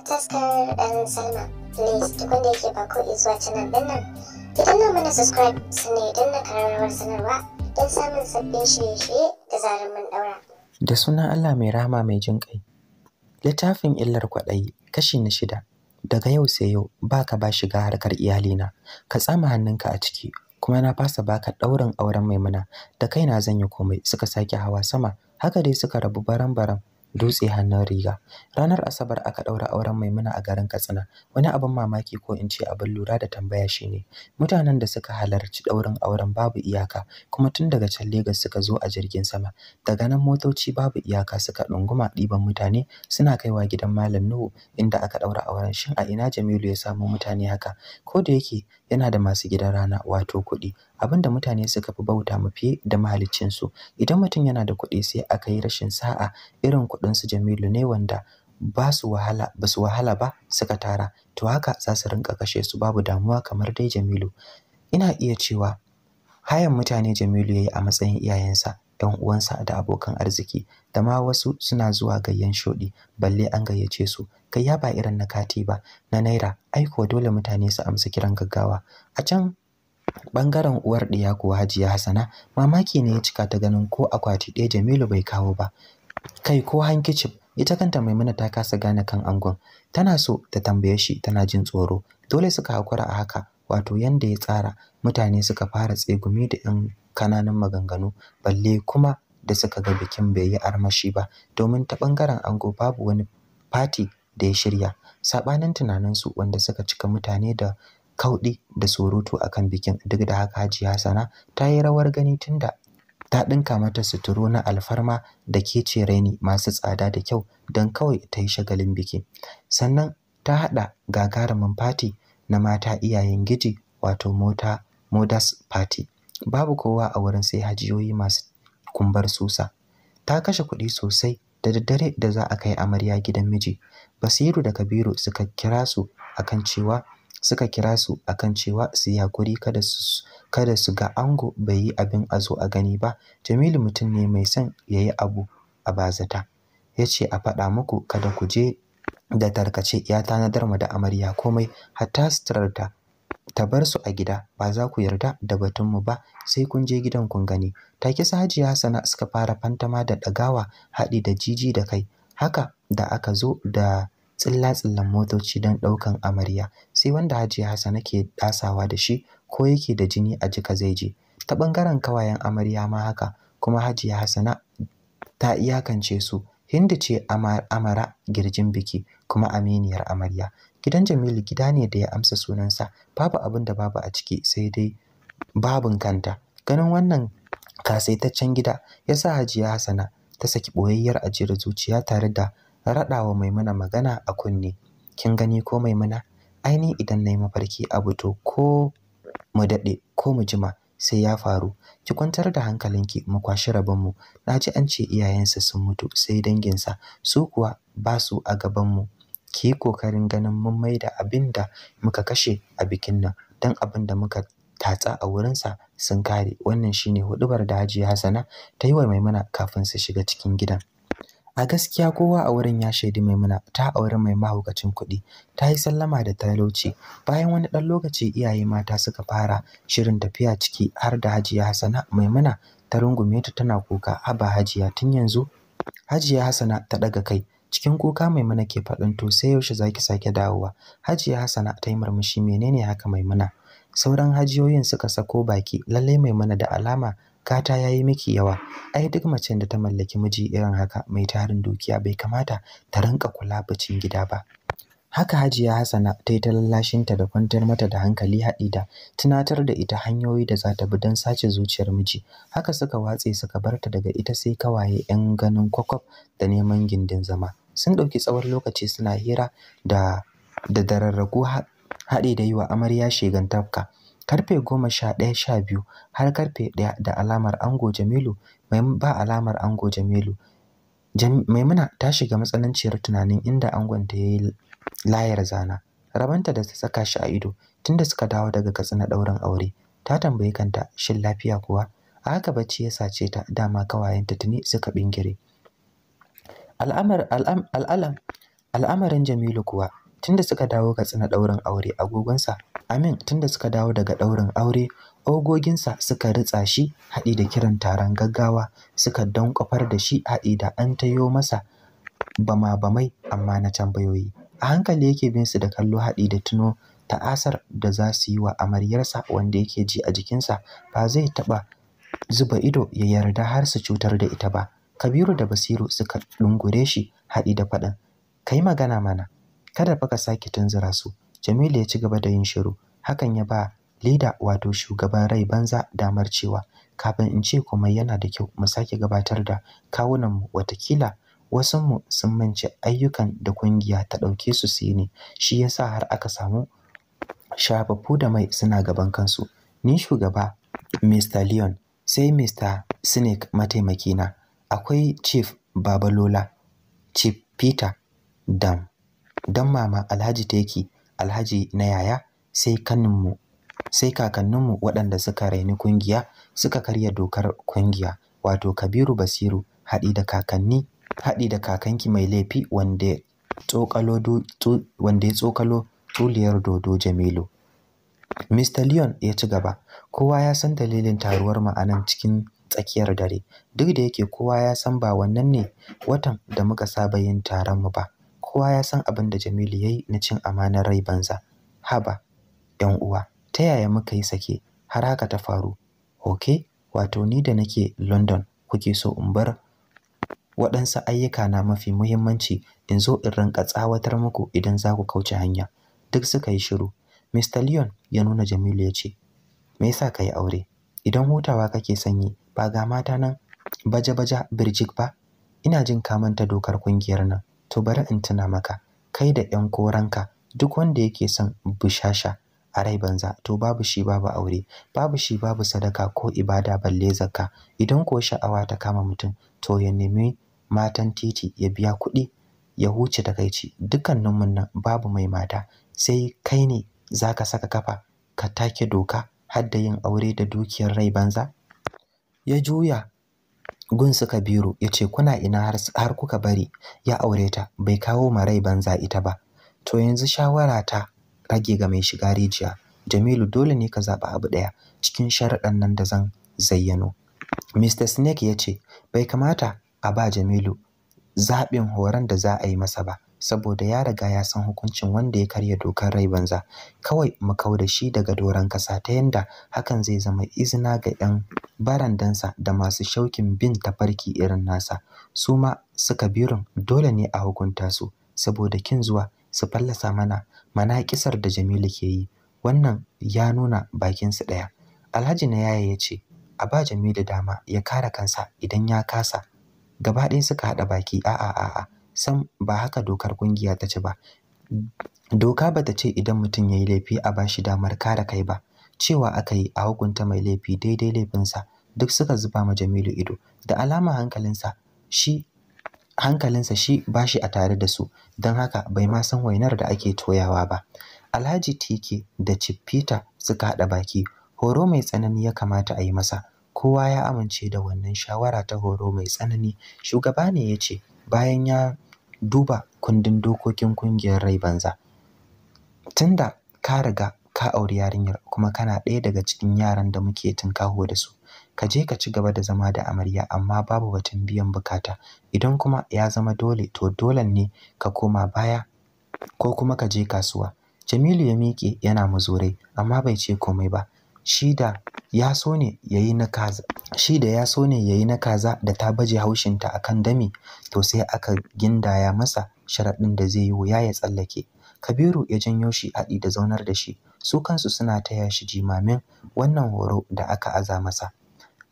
da taskar ɗan salma please duk wanda yake ba ko zuwa canal ɗin nan ki danna mana subscribe sannan idan na kararrawar sanarwa don samun sabbin shirye-shirye da zarar mun ɗaura. da sunan allah mai rama mai jin ƙai littafin illar kwaɗayi kashi na shida daga yau sai yau ba ka ba shiga harkar iyalina ka tsama hannunka a ciki kuma na fasa ba ka ɗaurin auren maimuna da kaina zan yi komai suka sake hawa sama haka dai suka rabu baran-baran dutse hannun riga ranar asabar aka ɗaura auren maimuna a garin katsina wani abin mamaki ko in ce abin lura da tambaya shine mutanen da suka halarci ɗaurin auren babu iyaka kuma tun daga can Legas suka zo a jirgin sama daga nan motoci babu iyaka suka ɗunguma ɗiban mutane suna kaiwa gidan malam nuhu inda aka ɗaura auren shin a ina jamilu ya samu mutane haka ko da yake yana da masu gidan rana wato kuɗi abinda mutane suka fi bauta mafi da mahaliccinsu idan mutum yana da kuɗi sai aka yi rashin sa'a irin kuɗi Kuɗinsu Jamilu ne wanda ba su wahala ba su wahala ba suka tara to haka za su rinka kashe su babu damuwa kamar dai Jamilu ina iya cewa hayan mutane Jamilu yayi a matsayin iyayensa 'yan uwansa da abokan arziki da ma wasu suna zuwa gayyan shoɗi balle an gayyace su ya ba irin na kati ba na naira aiko dole mutane su amsa kiran gaggawa a can bangaren uwar ɗiya kuwa Hajiya Hassana mamaki ne ya cika ta ganin ko akwati ɗaya Jamilu bai kawo ba kai ko hankicin ita kanta maimuna ta kasa gane kan angon tana so ta tambaye shi tana jin tsoro dole suka hakura a haka wato yanda ya tsara mutane suka fara tsegumi da yan kananan maganganu balle kuma da suka ga bikin bai yi armashi ba domin ta bangaren ango babu wani fati da ya shirya sabanin tunaninsu wanda suka cika mutane da kauɗi da surutu akan bikin duk da haka hajiya sana ta yi rawar gani tunda ta ɗinka mata suturu na alfarma da ke ce raini masu tsada da kyau don kawai ta yi shagalin biki sannan ta haɗa gagarumin fati na mata iyayen giji wato mota modas party babu kowa a wurin sai hajiyoyi masu kumbar susa ta kashe kuɗi sosai da daddare da za a kai amarya gidan miji basiru da kabiru suka kira su akan cewa suka kira su akan cewa su yi hakuri kada su ga ango bai yi abin a zo a gani ba Jamilu mutum ne mai son ya yi abu a bazata ya ce a faɗa muku kada ku je da tarkace ya tanadar mu da amarya komai hatta suturar ta ta bar su a gida ba za ku yarda da batunmu ba sai kun je gidan kun gani Ta kisa hajiya hasana suka fara fantama da ɗagawa haɗi da jiji da kai haka da aka zo da tsilla-tsillan motoci don ɗaukan amarya sai wanda Hajiya Hassana ke dasawa da shi ko yake da jini a jika zai je ta bangaren kawayen amarya ma haka kuma Hajiya Hassana ta iyakance su Hindu ce amara girjin biki kuma aminiyar amarya gidan Jamilu gida ne da ya amsa sunansa babu abin da babu a ciki sai dai babin kanta ganin wannan kasaitaccen gida ya sa Hajiya Hassana ta saki boyayyar ajiyar zuciya tare da raɗawa Maimuna magana a kunne kin gani ko Maimuna ai idan na yi mafarki abu to ko mu daɗe ko mu jima sai ya faru ki kwantar da hankalinki mu kwashi Na ji an ce iyayensa sun mutu sai danginsa su kuwa ba su a gabanmu ki yi kokarin ganin mun da abin da muka kashe a bikin nan don abin da muka tatsa a wurinsa sun kare wannan shine hudubar da Hajiya Hassana ta yi wa Maimuna kafin su shiga cikin gidan a gaskiya kowa a wurin ya shaidi maimuna ta auri mai mahaukacin kuɗi ta yi sallama da talauci bayan wani ɗan lokaci iyaye mata suka fara shirin tafiya ciki har da hajiya hasana maimuna ta rungume ta tana kuka haba hajiya tun yanzu hajiya hasana ta ɗaga kai cikin kuka maimuna ke faɗin to sai yaushe za zaki sake dawowa hajiya hasana ta yi murmushi menene haka maimuna sauran hajiyoyin suka sako baki lallai maimuna da alama gata ya yi miki yawa ai duk macen da ta mallaki miji irin haka mai tarin dukiya bai kamata ta rinka kula bacin gida ba haka hajiya hassana ta yi ta lallashinta da kwantar mata da hankali haɗi da tunatar da ita hanyoyi da za ta bi don sace zuciyar miji haka suka watse suka barta daga ita sai kawaye 'yan ganin kwakwaf da neman gindin zama sun ɗauki tsawon lokaci suna hira da da dararraku haɗe da yi wa amarya shegan tafka karfe goma sha sha biyu har karfe ɗaya da alamar ango jamilu mai ba alamar ango jamilu maimuna ta shiga matsananciyar tunanin inda angonta ya yi layar zana rabanta da ta saka shi a ido tunda suka dawo daga katsina ɗaurin aure ta tambayi kanta shin lafiya kuwa a haka bacci ya sace ta dama kawayenta tuni suka bingire al'amarin jamilu kuwa tunda suka dawo katsina ɗaurin aure agogonsa Amin tunda suka dawo daga ɗaurin aure, ogoginsa suka ritsa shi haɗi da kiran taron gaggawa suka danƙwafar da shi haɗi da an tayo masa bama-bamai amma na tambayoyi. A hankali yake bin su da kallo haɗi da tuno ta'asar da za su yi wa amaryarsa wanda yake ji a jikinsa ba zai taɓa zuba ido ya yarda har su cutar da ita ba. Kabiru da Basiru suka ɗungure shi haɗi da faɗin, kai magana mana, kada fa ka sake tunzura su. Jamilu ya ci gaba da yin shiru. Hakan ya ba leda wato shugaban rai banza damar cewa kafin in ce kuma yana da kyau mu sake gabatar da kawunanmu watakila wasunmu sun mance ayyukan da kungiya ta ɗauke su su yi ne shi yasa har aka samu shafaffu da mai suna gaban kansu ni shugaba Mr. Leon sai Mr. Snake mataimakina akwai Chief Babalola Chief Peter Dam dan mama Alhaji Teki alhaji na yaya sai kaninmu sai kakanninmu waɗanda suka raini kungiya suka karya dokar kungiya wato kabiru basiru haɗi da kakanni haɗi da kakanki mai laifi wanda ya tsokalo tuliyar dodo jamilu Mr. Leon ya ci gaba, kowa ya san dalilin taruwar ma'anan cikin tsakiyar dare, duk da yake kowa ya san ba wannan ne watan da muka saba yin taron mu ba. kowa ya san abin da Jamilu ya yi na cin amanar rai banza. Haba, ‘yan uwa, ta yaya muka yi sake har haka ta faru? Ok, wato ni da nake London kuke so in bar waɗansu ayyuka na mafi muhimmanci in zo in rinka tsawatar muku idan za ku kauce hanya. Duk suka yi shiru. Mr. Leon ya nuna Jamilu ya ce, Me yasa ka yi aure? Idan hutawa kake sanyi, ba ga mata nan baja-baja birjik ba? Ina jin ka manta dokar ƙungiyar nan. to bari in tuna maka kai da ƴan koranka duk wanda yake son bushasha a rai banza to babu shi babu aure babu shi babu sadaka ko ibada balle zakka idan ko sha'awa ta kama mutum to ya nemi matan titi ya biya kuɗi ya huce takaici dukkaninmu nan babu mai mata sai kai ne zaka saka kafa ka take doka har da yin aure da dukiyar rai banza ya juya gun su Kabiru ya ce kuna ina har kuka bari ya aure ta bai kawo ma rai banza ita ba to yanzu shawara ta rage ga mai shiga rijiya Jamilu dole ne ka zaɓi abu ɗaya cikin sharaɗan nan da zan zayyano Mr Snake ya ce bai kamata a ba Jamilu zaɓin horon da za a yi masa ba saboda ya riga ya san hukuncin wanda ya karya dokar rai banza kawai mu kau da shi daga doron kasa ta yanda hakan zai zama izina ga 'yan barandansa da masu shaukin bin tafarki irin nasa su ma suka birin dole ne a hukunta su saboda kin zuwa su fallasa mana mana manaƙisar da Jamilu ke yi wannan ya nuna bakinsu ɗaya Alhaji na yaya ya ce a ba Jamilu dama ya kare kansa idan ya kasa gaba ɗaya suka haɗa baki a'a a'a sam ba haka dokar kungiya ta ce ba doka ba ta ce idan mutum ya yi laifi a ba bashi damar kare kai ba cewa aka yi a hukunta mai laifi daidai laifinsa duk suka zuba ma Jamilu ido da alama hankalinsa shi hankalinsa shi bashi a tare da su don haka bai ma san wainar da ake toyawa ba Alhaji Tike da Peter suka haɗa baki horo mai tsanani ya kamata a yi masa kowa ya amince da wannan shawara ta horo mai tsanani shugaba ne ya ce bayan ya duba kundin dokokin ƙungiyar rai banza tunda ka riga ka auri yarinyar kuma kana ɗaya daga cikin yaran da muke tunkaho da su ka je ka ci gaba da zama da amarya amma babu batun biyan bukata idan kuma ya zama dole to dolen ne ka koma baya ko kuma ka je kasuwa Jamilu ya miƙe yana muzurai amma bai ce komai ba shi da ya so ne ya yi na kaza shi da ya so ne ya yi na kaza da ta baje haushinta a kan dami to sai aka gindaya masa sharaɗin da zai yi wuya ya tsallake kabiru ya janyo shi haɗi da zaunar da shi su kansu suna taya shi jimamin wannan horo da aka aza masa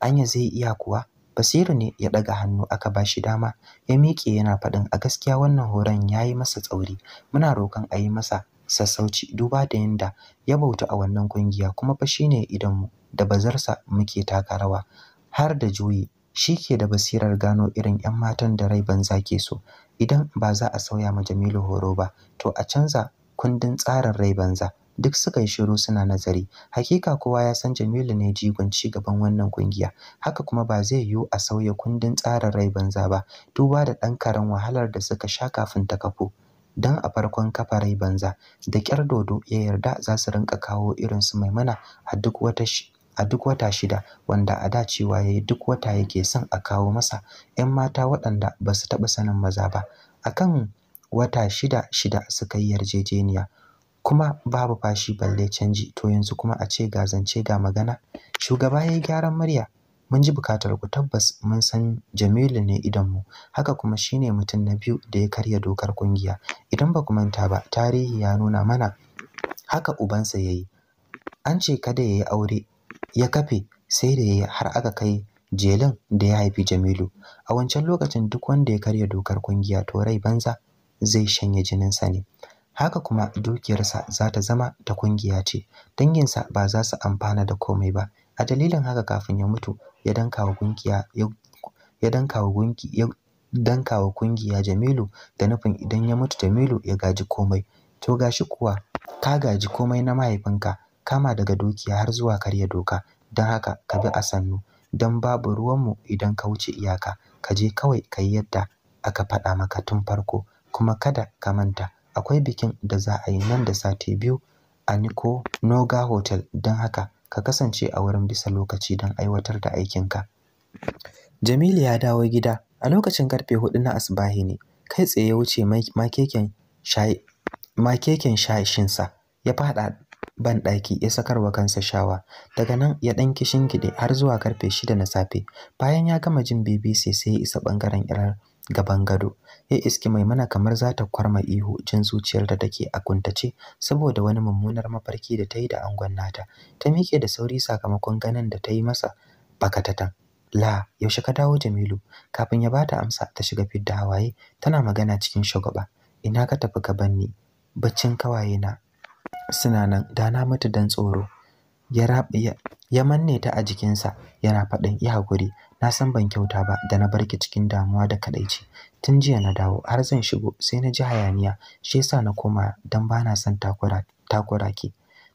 anya zai iya kuwa basiru ne ya ɗaga hannu aka ba shi dama ya miƙe yana faɗin a gaskiya wannan horon ya yi masa tsauri muna roƙon a yi masa sassauci duba da yadda ya bauta a wannan ƙungiya, kuma fa ne idanmu da bazarsa muke taka rawa har da juyi shi ke da basirar gano irin 'yan matan da rai banza ke so idan ba za a sauya ma Jamilu horo ba to a canza kundin tsarin rai banza duk suka yi shiru suna nazari hakika kowa ya san Jamilu ne jigon ci gaban wannan kungiya haka kuma ba zai yiwu a sauya kundin tsarin rai banza ba duba da ɗan karen wahalar da suka sha kafin ta kafu. dan a farkon kafa rai banza da ƙyar dodo ya yarda za su rinka kawo irin su maimuna a duk wata a duk wata shida wanda a da cewa ya yi duk wata yake son a kawo masa 'yan mata waɗanda ba su taɓa sanin maza ba a kan wata shida shida suka yi yarjejeniya kuma babu fashi balle canji to yanzu kuma a ce ga zance ga magana shugaba ya yi gyaran murya mun ji bukatar ku tabbas mun san Jamilu ne idanmu haka kuma shine mutum na biyu da ya karya dokar kungiya idan ba ku manta ba tarihi ya nuna mana haka ubansa ya yi. an ce kada ya yi aure ya kafe sai da yayi har aka kai jelin da ya haifi Jamilu a wancan lokacin duk wanda ya karya dokar kungiya to rai banza zai shanye jininsa ne haka kuma dukiyarsa za ta zama ta kungiya ce danginsa ba za su amfana da komai ba a dalilin haka kafin ya mutu ya danka wa kungiya ya danka wa ya danka wa kungiya Jamilu da nufin idan ya mutu Jamilu ya gaji komai to gashi kuwa ka gaji komai na mahaifinka kama daga dukiya har zuwa karya doka don haka ka bi a sannu don babu ruwanmu idan ka wuce iyaka ka je kawai ka yi yadda aka faɗa maka tun farko kuma kada ka manta akwai bikin da za a yi nan da sati biyu a Niko Noga Hotel don haka ka kasance a wurin bisa lokaci don aiwatar da aikinka. Jamilu ya dawo gida a lokacin karfe hudu na asbahi ne kai tsaye ya wuce makeken shashinsa ya fada ban ɗaki ya sakarwa kansa shawa daga nan ya ɗan kishin gide har zuwa karfe shida na safe bayan ya gama jin bbc sai ya isa ɓangaren irar gaban gado ya iski mai mana kamar za ta kwarma ihu jin zuciyar da take a kuntace saboda wani mummunar mafarki da ta yi da angon nata ta miƙe da sauri sakamakon ganin da ta yi masa bakatatan la yaushe ka dawo jamilu kafin ya bata amsa ta shiga fidda hawaye tana magana cikin shagwaba ina ka tafi ka banni baccin kawaye na suna nan da na mutu dan tsoro ya manne ta a jikinsa yana faɗin ya hakuri na san ban kyauta ba da na barki cikin damuwa da kadaici tun jiya na dawo har zan shigo sai na ji hayaniya shi yasa na koma dan bana son takura takura ki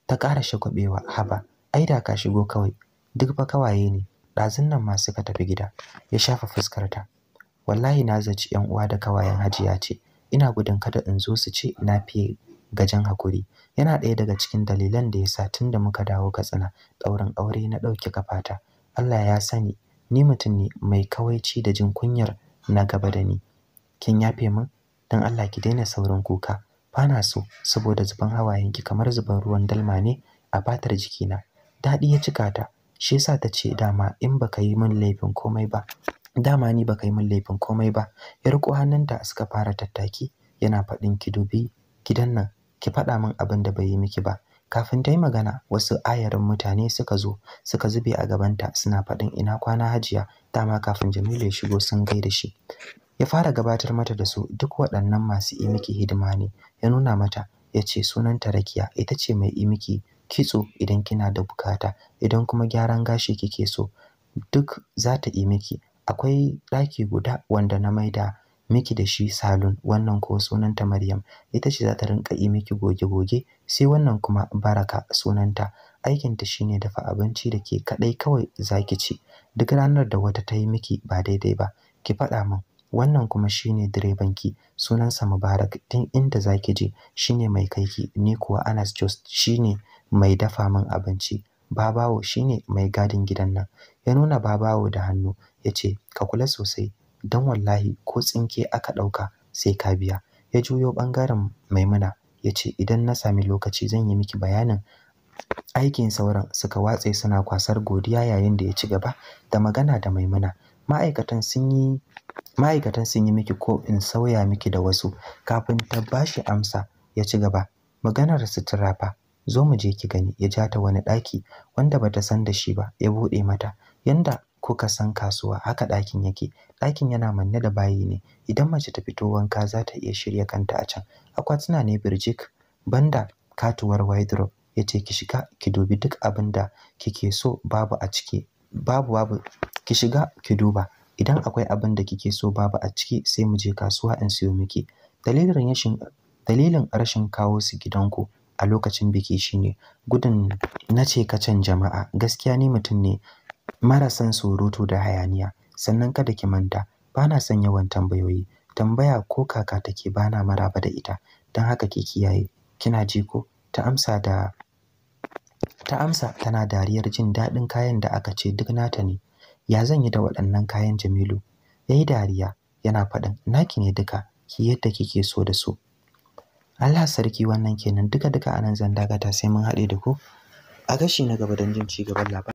ta ƙara shagwabewa haba ai da ka shigo kawai duk fa kawaye ne ɗazun nan ma suka tafi gida ya shafa fuskarta. wallahi na zaci yan uwa da kawayen hajiya ce ina gudun kada in zo su ce na fiye ga jan hakuri yana ɗaya daga cikin dalilan da ya sa tun da muka dawo Katsina ɗaurin aure na ɗauki kafata Allah ya sani ni mutum ne mai kawaici da jin kunyar na gaba da ni kin yafe min Don Allah ki daina saurin kuka bana so saboda zuban hawayenki kamar zuban ruwan dalma ne a fatar jikina daɗi ya cika ta shi yasa ta ce dama in baka yi min laifin komai ba dama ni baka yi min laifin komai ba ya riko hannunta suka fara tattaki yana faɗin ki dubi gidan nan ki faɗa min abin da bai yi miki ba kafin ta yi magana wasu ayarin mutane suka zo suka zube a gabanta suna faɗin ina kwana hajiya dama kafin jamilu ya shigo sun da shi ya fara gabatar mata da su duk waɗannan masu yi miki hidima ne ya nuna mata ya ce sunan rakiya ita ce mai yi miki kitso idan kina da bukata idan kuma gyaran gashi kike so duk za ta yi miki akwai ɗaki guda wanda na maida miki da shi salon wannan ko sunanta Maryam ita ce za ta rinka yi miki goge-goge sai wannan kuma Baraka sunanta aikinta shine dafa abinci da ke kadai kawai zaki ci duk ranar da wata ta yi miki ba daidai ba ki faɗa min wannan kuma shine direban ki sunansa Mubarak tun inda zaki je shine mai kai ki ni kuwa Anas Just shine mai dafa min abinci Babawo shine mai gadin gidan nan ya nuna Babawo da hannu yace ka kula sosai don wallahi ko tsinke aka ɗauka sai ka biya ya juyo ɓangaren maimuna ya ce idan na sami lokaci zan yi miki bayanin aikin sauran suka watse suna kwasar godiya yayin da ya ci gaba da magana da maimuna ma'aikatan sun yi miki ko in sauya miki da wasu kafin ta bashi amsa ya ci gaba maganar sutura fa zo mu je ki gani ya ja ta wani ɗaki wanda bata san da shi ba ya buɗe mata yanda kuka san kasuwa haka ɗakin yake ɗakin yana manne da bayi ne idan mace ta fito wanka za ta iya shirya kanta a can akwatuna ne birjik banda katuwar ya ce ki shiga ki dubi duk abin da kike so babu a ciki babu babu ki shiga ki duba idan akwai abin da kike so babu a ciki sai mu je kasuwa in siyo miki dalilin rashin kawo su gidanku a lokacin biki shine gudun na ce ka can jama'a gaskiya ni mutum ne mara son surutu da hayaniya sannan kada ki manta bana son yawan tambayoyi tambaya ko kaka take bana maraba da ita don haka ki kiyaye kina ji ko ta amsa da ta amsa tana dariyar jin daɗin kayan da aka ce duk nata ne ya zan yi da waɗannan kayan Jamilu Ya yi dariya yana faɗin naki ne duka ki yadda kike so da su Allah sarki wannan kenan duka duka nan zan dagata sai mun haɗe da ku a gashi na gaba don jin ci gaban labarin